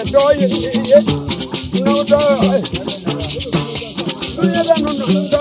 Enjoy ye ye no do ye da no no do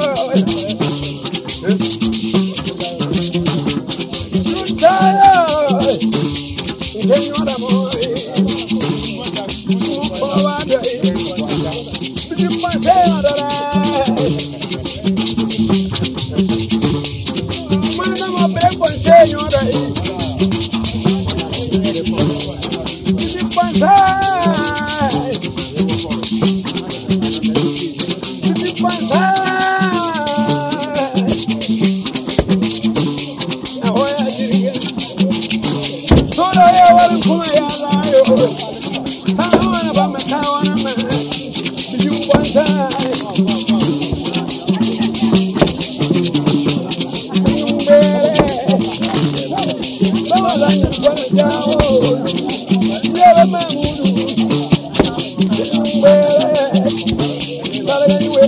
you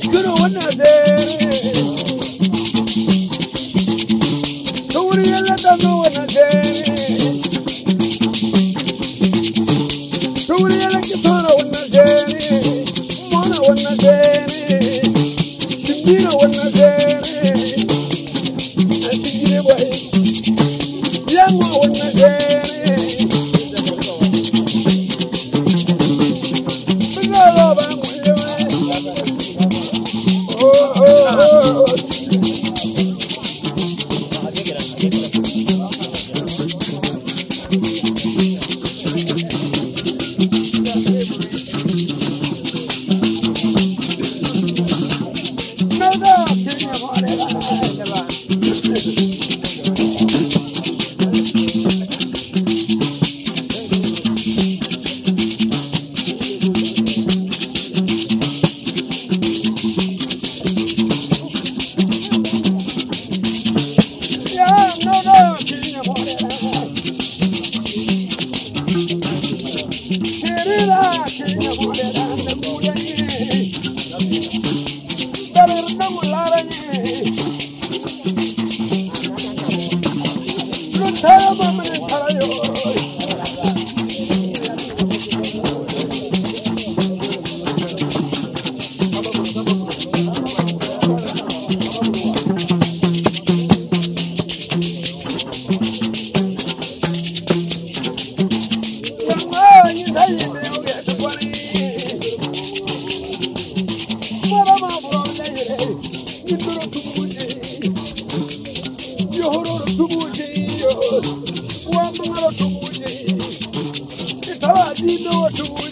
good. Estaba wuri, no wa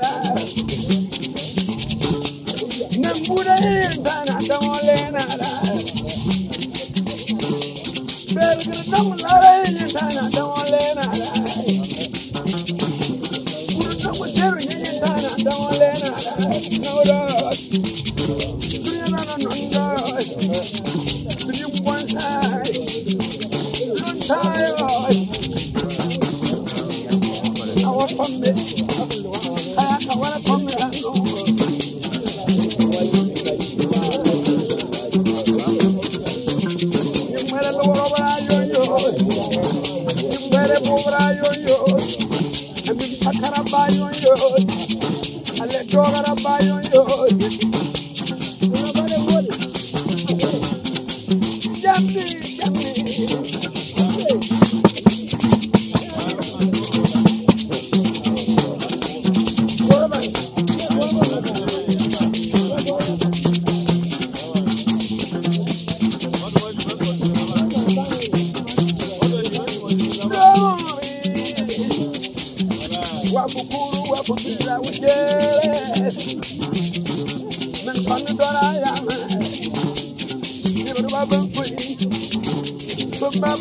by on your I let go of by on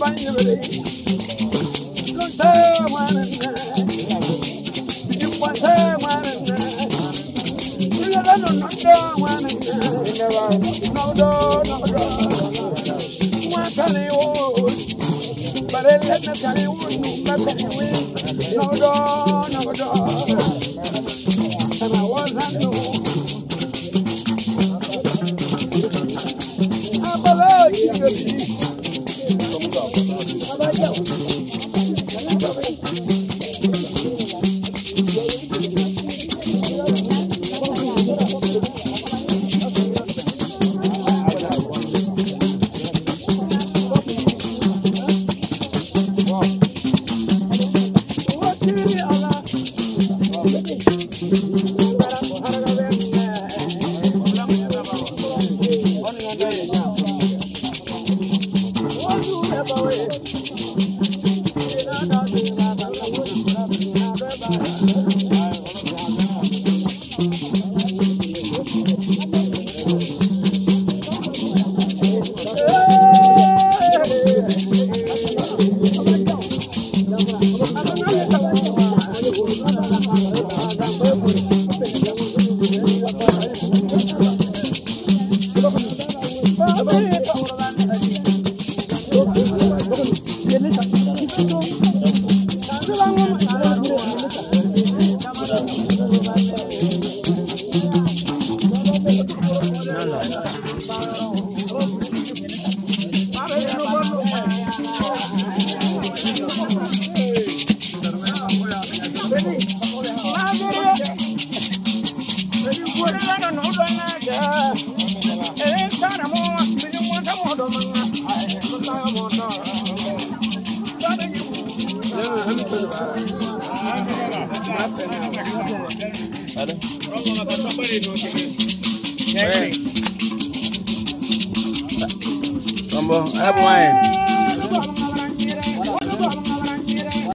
bani ne böyle. 嗯。I'm playing.